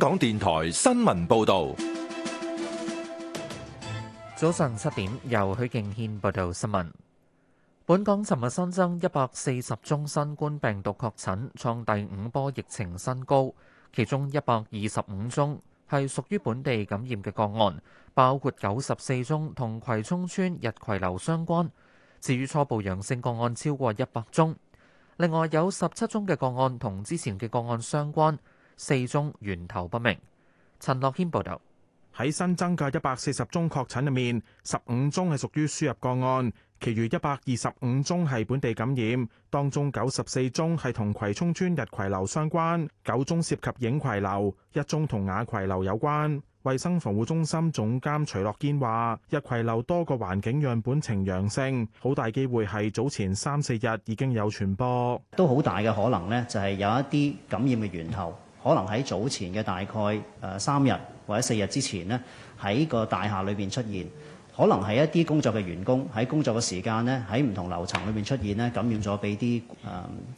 港電台新聞報道，早晨七點由許敬軒報道新聞。本港尋日新增一百四十宗新冠病毒確診，創第五波疫情新高。其中一百二十五宗係屬於本地感染嘅個案，包括九十四宗同葵涌村日葵樓相關。至於初步陽性個案超過一百宗，另外有十七宗嘅個案同之前嘅個案相關。四宗源頭不明。陳樂軒報導，喺新增嘅一百四十宗確診入面，十五宗係屬於輸入個案，其餘一百二十五宗係本地感染。當中九十四宗係同葵涌村日葵樓相關，九宗涉及影葵樓，一宗同雅葵樓有關。衛生防護中心總監徐樂堅話，日葵樓多個環境樣本呈陽性，好大機會係早前三四日已經有傳播，都好大嘅可能呢，就係有一啲感染嘅源頭。可能喺早前嘅大概誒三日或者四日之前呢，喺個大廈裏邊出現，可能係一啲工作嘅員工喺工作嘅時間呢，喺唔同樓層裏邊出現呢，感染咗俾啲誒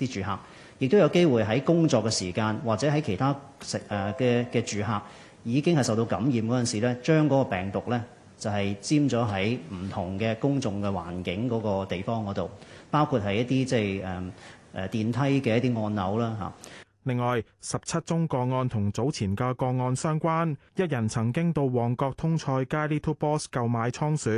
啲住客，亦都有機會喺工作嘅時間或者喺其他食誒嘅嘅住客已經係受到感染嗰陣時咧，將嗰個病毒呢，就係沾咗喺唔同嘅公眾嘅環境嗰個地方嗰度，包括係一啲即係誒誒電梯嘅一啲按鈕啦嚇。啊另外，十七宗個案同早前嘅個案相關，一人曾經到旺角通菜街 Little Boss 購買倉鼠，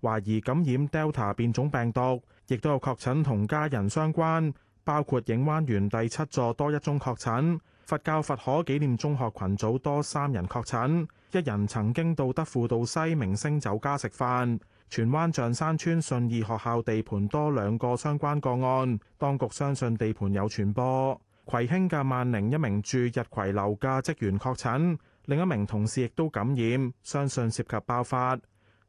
懷疑感染 Delta 變種病毒，亦都有確診同家人相關，包括影灣園第七座多一宗確診，佛教佛可紀念中學群組多三人確診，一人曾經到德輔道西明星酒家食飯，荃灣象山邨信義學校地盤多兩個相關個案，當局相信地盤有傳播。葵興嘅萬寧，一名住日葵樓嘅職員確診，另一名同事亦都感染，相信涉及爆發。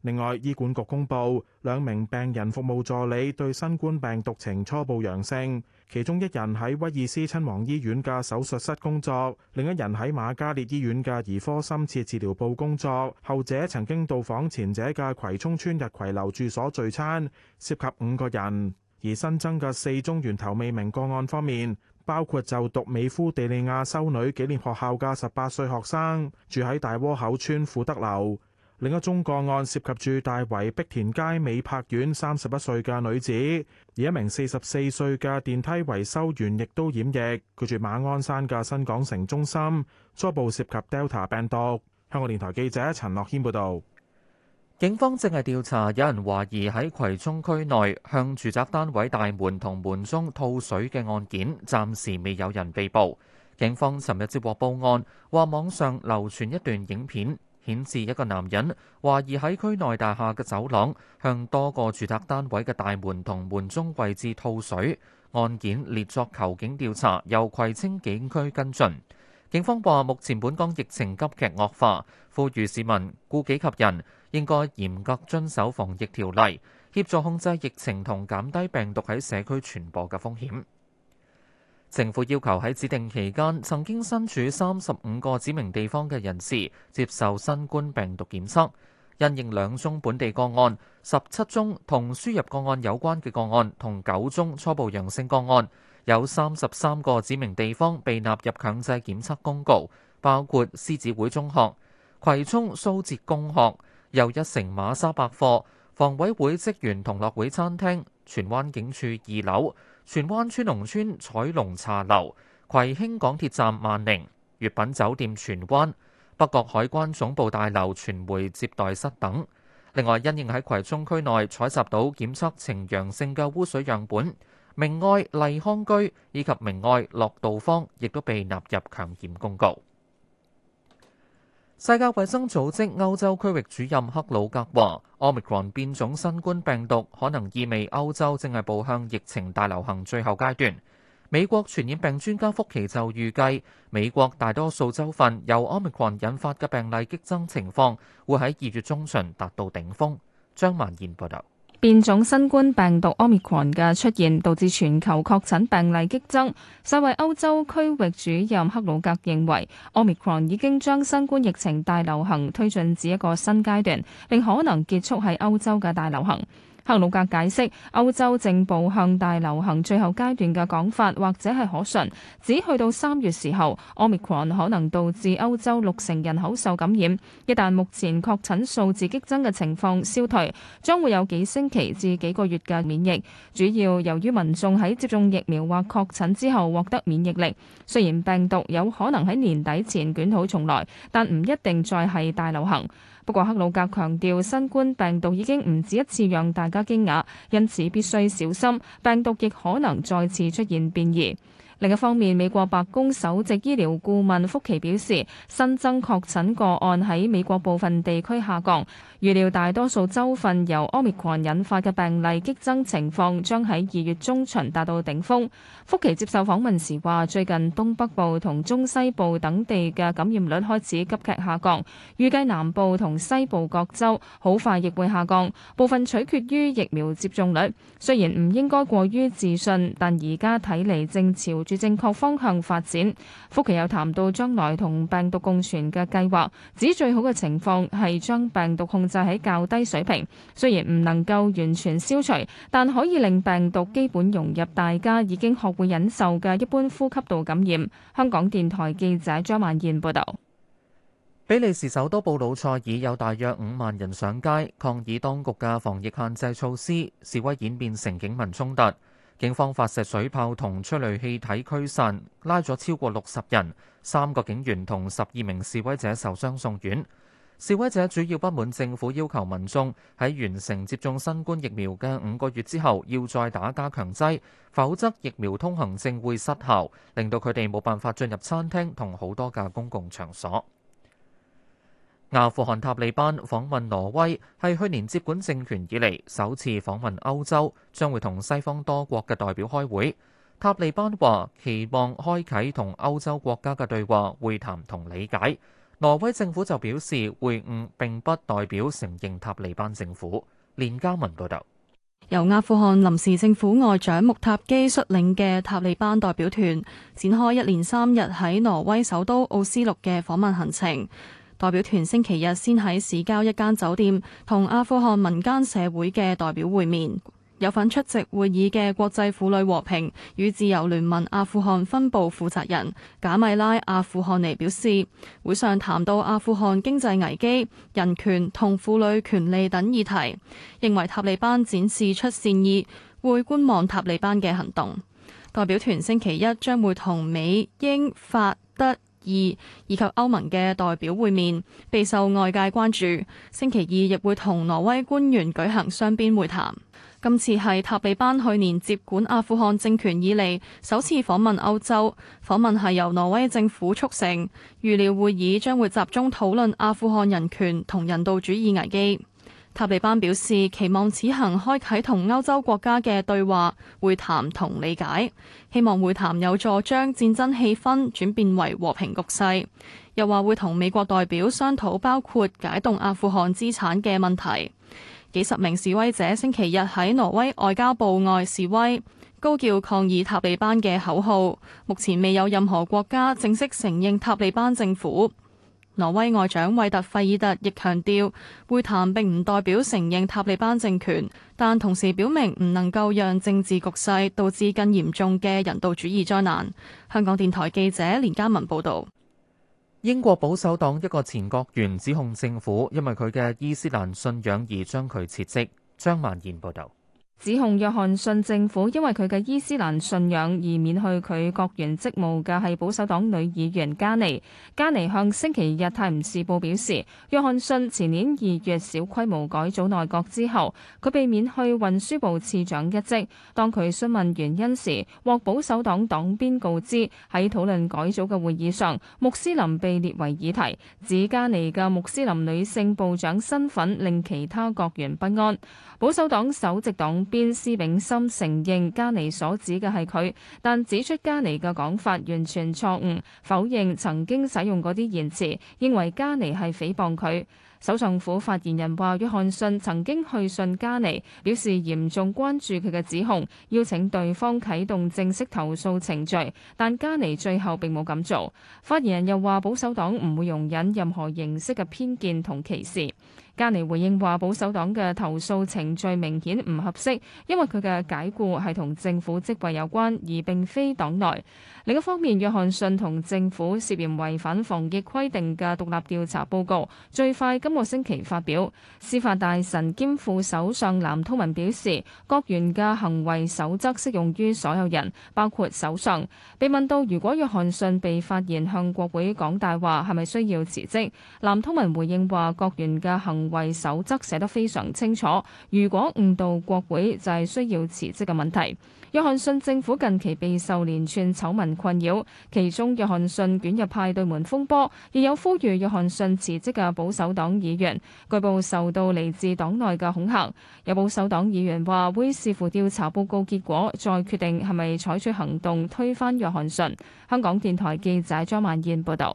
另外，醫管局公布兩名病人服務助理對新冠病毒呈初步陽性，其中一人喺威爾斯親王醫院嘅手術室工作，另一人喺馬嘉烈醫院嘅兒科深切治療部工作。後者曾經到訪前者嘅葵涌村日葵樓住所聚餐，涉及五個人。而新增嘅四宗源頭未明個案方面。包括就讀美孚地利亞修女紀念學校嘅十八歲學生，住喺大窩口村富德樓；另一宗個案涉及住大圍碧田街美柏苑三十一歲嘅女子，而一名四十四歲嘅電梯維修員亦都染疫，佢住馬鞍山嘅新港城中心，初步涉及 Delta 病毒。香港電台記者陳樂謙報道。警方正係調查，有人懷疑喺葵涌區內向住宅單位大門同門中吐水嘅案件，暫時未有人被捕。警方尋日接獲報案，話網上流傳一段影片，顯示一個男人懷疑喺區內大廈嘅走廊向多個住宅單位嘅大門同門中位置吐水。案件列作求警調查，由葵青警區跟進。警方話，目前本港疫情急劇惡化，呼籲市民顧己及人。應該嚴格遵守防疫條例，協助控制疫情同減低病毒喺社區傳播嘅風險。政府要求喺指定期間曾經身處三十五個指明地方嘅人士接受新冠病毒檢測，因應兩宗本地個案、十七宗同輸入個案有關嘅個案同九宗初步陽性個案，有三十三個指明地方被納入強制檢測公告，包括獅子會中學、葵涌蘇浙公學。又一城馬莎百貨、房委會職員同樂會餐廳、荃灣警署二樓、荃灣村農村彩龍茶樓、葵興港鐵站萬寧、粵品酒店荃灣、北角海關總部大樓傳媒接待室等。另外，因應喺葵涌區內採集到檢測呈陽性嘅污水樣本，明愛麗康居以及明愛樂道坊亦都被納入強檢公告。世界衛生組織歐洲區域主任克魯格話，奧密克戎變種新冠病毒可能意味歐洲正係步向疫情大流行最後階段。美國傳染病專家福奇就預計，美國大多數州份由奧密克戎引發嘅病例激增情況，會喺二月中旬達到頂峰。張曼燕報道。變種新冠病毒 Omicron 嘅出現，導致全球確診病例激增。世衛歐洲區域主任克魯格認為，Omicron 已經將新冠疫情大流行推進至一個新階段，並可能結束喺歐洲嘅大流行。克魯格解釋，歐洲正步向大流行最後階段嘅講法，或者係可信。只去到三月時候，Omicron 可能導致歐洲六成人口受感染。一旦目前確診數字激增嘅情況消退，將會有幾星期至幾個月嘅免疫，主要由於民眾喺接種疫苗或確診之後獲得免疫力。雖然病毒有可能喺年底前捲土重來，但唔一定再係大流行。不過，克魯格強調，新冠病毒已經唔止一次讓大家驚訝，因此必須小心，病毒亦可能再次出現變異。另一方面，美國白宮首席醫療顧問福奇表示，新增確診個案喺美國部分地區下降，預料大多數州份由奧密克戎引發嘅病例激增情況將喺二月中旬達到頂峰。福奇接受訪問時話：最近東北部同中西部等地嘅感染率開始急劇下降，預計南部同西部各州好快亦會下降，部分取決於疫苗接種率。雖然唔應該過於自信，但而家睇嚟正朝住正確方向發展。福奇又談到將來同病毒共存嘅計劃，指最好嘅情況係將病毒控制喺較低水平，雖然唔能夠完全消除，但可以令病毒基本融入大家已經學會忍受嘅一般呼吸道感染。香港電台記者張曼燕報導。比利時首都布魯塞爾有大約五萬人上街抗議當局嘅防疫限制措施，示威演變成警民衝突。警方發射水炮同催淚氣體驅散，拉咗超過六十人，三個警員同十二名示威者受傷送院。示威者主要不滿政府要求民眾喺完成接種新冠疫苗嘅五個月之後要再打加強劑，否則疫苗通行證會失效，令到佢哋冇辦法進入餐廳同好多嘅公共場所。阿富汗塔利班訪問挪威，係去年接管政權以嚟首次訪問歐洲，將會同西方多國嘅代表開會。塔利班話，期望開啟同歐洲國家嘅對話、會談同理解。挪威政府就表示，會晤並不代表承認塔利班政府。連加文報道，由阿富汗臨時政府外長穆塔基率領嘅塔利班代表團展開一連三日喺挪威首都奧斯陸嘅訪問行程。代表團星期日先喺市郊一間酒店同阿富汗民間社會嘅代表會面。有份出席會議嘅國際婦女和平與自由聯盟阿富汗分部負責人賈米拉·阿富汗尼表示，會上談到阿富汗經濟危機、人權同婦女權利等議題，認為塔利班展示出善意，會觀望塔利班嘅行動。代表團星期一將會同美、英、法、德、二以及歐盟嘅代表會面，備受外界關注。星期二亦會同挪威官員舉行雙邊會談，今次係塔利班去年接管阿富汗政權以嚟首次訪問歐洲，訪問係由挪威政府促成。預料會議將會集中討論阿富汗人權同人道主義危機。塔利班表示期望此行開啟同歐洲國家嘅對話會談同理解，希望會談有助將戰爭氣氛轉變為和平局勢，又話會同美國代表商討包括解凍阿富汗資產嘅問題，幾十名示威者星期日喺挪威外交部外示威，高叫抗議塔利班嘅口號，目前未有任何國家正式承認塔利班政府。挪威外長韋特費爾特亦強調，會談並唔代表承認塔利班政權，但同時表明唔能夠讓政治局勢導致更嚴重嘅人道主義災難。香港電台記者連嘉文報道，英國保守黨一個前國員指控政府因為佢嘅伊斯蘭信仰而將佢撤職。張曼燕報道。指控約翰遜政府因為佢嘅伊斯蘭信仰而免去佢國員職務嘅係保守黨女議員加尼。加尼向星期日《泰晤士報》表示，約翰遜前年二月小規模改組內閣之後，佢被免去運輸部次長一職，當佢詢問原因時，獲保守黨黨鞭告知喺討論改組嘅會議上，穆斯林被列為議題，指加尼嘅穆斯林女性部長身份令其他國員不安。保守黨首席黨。便施炳森承認加尼所指嘅係佢，但指出加尼嘅講法完全錯誤，否認曾經使用嗰啲言辭，認為加尼係誹謗佢。首相府發言人話：約翰遜曾經去信加尼，表示嚴重關注佢嘅指控，邀請對方啟動正式投訴程序，但加尼最後並冇咁做。發言人又話：保守黨唔會容忍任何形式嘅偏見同歧視。加尼回應話：保守黨嘅投訴程序明顯唔合適，因為佢嘅解雇係同政府職位有關，而並非黨內。另一方面，約翰遜同政府涉嫌違反防疫規定嘅獨立調查報告，最快今個星期發表。司法大臣兼副首相藍韜文表示：閣員嘅行為守則適用於所有人，包括首相。被問到如果約翰遜被發現向國會講大話，係咪需要辭職，藍韜文回應話：閣員嘅行為守則寫得非常清楚，如果誤導國會就係需要辭職嘅問題。約翰遜政府近期備受連串醜聞困擾，其中約翰遜捲入派對門風波，亦有呼籲約翰遜辭職嘅保守黨議員，據報受到嚟自黨內嘅恐嚇。有保守黨議員話會視乎調查報告結果再決定係咪採取行動推翻約翰遜。香港電台記者張曼燕報導。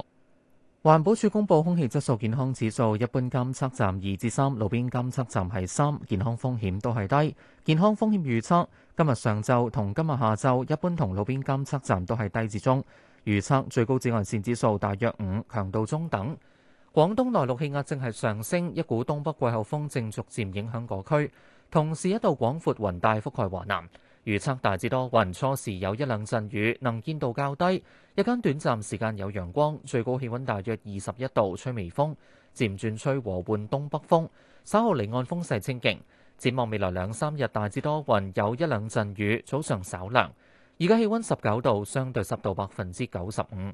環保署公布空氣質素健康指數，一般監測站二至三，路邊監測站係三，健康風險都係低。健康風險預測今日上晝同今日下晝，一般同路邊監測站都係低至中。預測最高紫外線指數大約五，強度中等。廣東內陸氣壓正係上升，一股東北季候風正逐漸影響各區，同時一道廣闊雲帶覆蓋華南。預測大致多雲，初時有一兩陣雨，能見度較低，日間短暫時間有陽光，最高氣温大約二十一度，吹微風，漸轉吹和緩東北風，稍後離岸風勢清勁。展望未來兩三日大致多雲，有一兩陣雨，早上稍涼。而家氣温十九度，相對濕度百分之九十五。